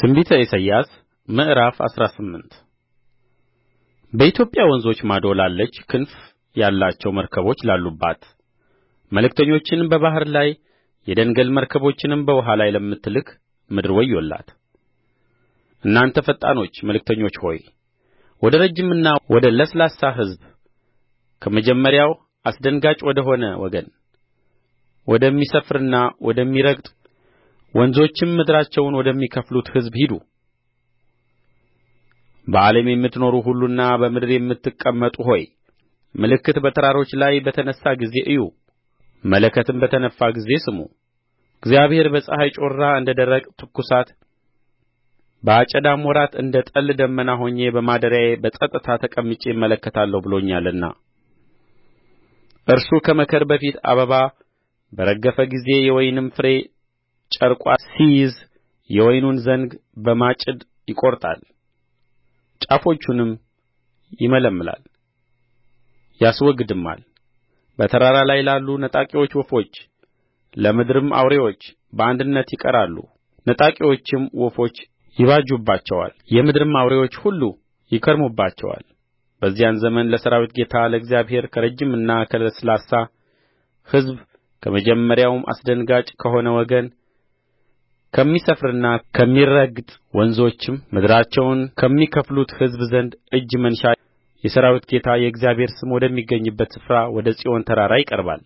ትንቢተ ኢሳይያስ ምዕራፍ አስራ ስምንት በኢትዮጵያ ወንዞች ማዶ ላለች ክንፍ ያላቸው መርከቦች ላሉባት መልእክተኞችን በባሕር ላይ የደንገል መርከቦችንም በውኃ ላይ ለምትልክ ምድር ወዮላት እናንተ ፈጣኖች መልእክተኞች ሆይ ወደ ረጅምና ወደ ለስላሳ ሕዝብ ከመጀመሪያው አስደንጋጭ ወደ ሆነ ወገን ወደሚሰፍርና ወደሚረግጥ ወንዞችም ምድራቸውን ወደሚከፍሉት ሕዝብ ሂዱ በዓለም የምትኖሩ ሁሉና በምድር የምትቀመጡ ሆይ ምልክት በተራሮች ላይ በተነሣ ጊዜ እዩ መለከትም በተነፋ ጊዜ ስሙ እግዚአብሔር በፀሐይ ጮራ እንደ ደረቅ ትኩሳት በአጨዳም ወራት እንደ ጠል ደመና ሆኜ በማደሪያዬ በጸጥታ ተቀምጬ እመለከታለሁ ብሎኛልና እርሱ ከመከር በፊት አበባ በረገፈ ጊዜ የወይንም ፍሬ ጨርቋ ሲይዝ የወይኑን ዘንግ በማጭድ ይቈርጣል ጫፎቹንም ይመለምላል ያስወግድማል በተራራ ላይ ላሉ ነጣቂዎች ወፎች ለምድርም አውሬዎች በአንድነት ይቀራሉ ነጣቂዎችም ወፎች ይባጁባቸዋል የምድርም አውሬዎች ሁሉ ይከርሙባቸዋል በዚያን ዘመን ለሠራዊት ጌታ ለእግዚአብሔር ከረጅምና ከለስላሳ ሕዝብ ከመጀመሪያውም አስደንጋጭ ከሆነ ወገን ከሚሰፍርና ከሚረግጥ ወንዞችም ምድራቸውን ከሚከፍሉት ሕዝብ ዘንድ እጅ መንሻ የሠራዊት ጌታ የእግዚአብሔር ስም ወደሚገኝበት ስፍራ ወደ ጽዮን ተራራ ይቀርባል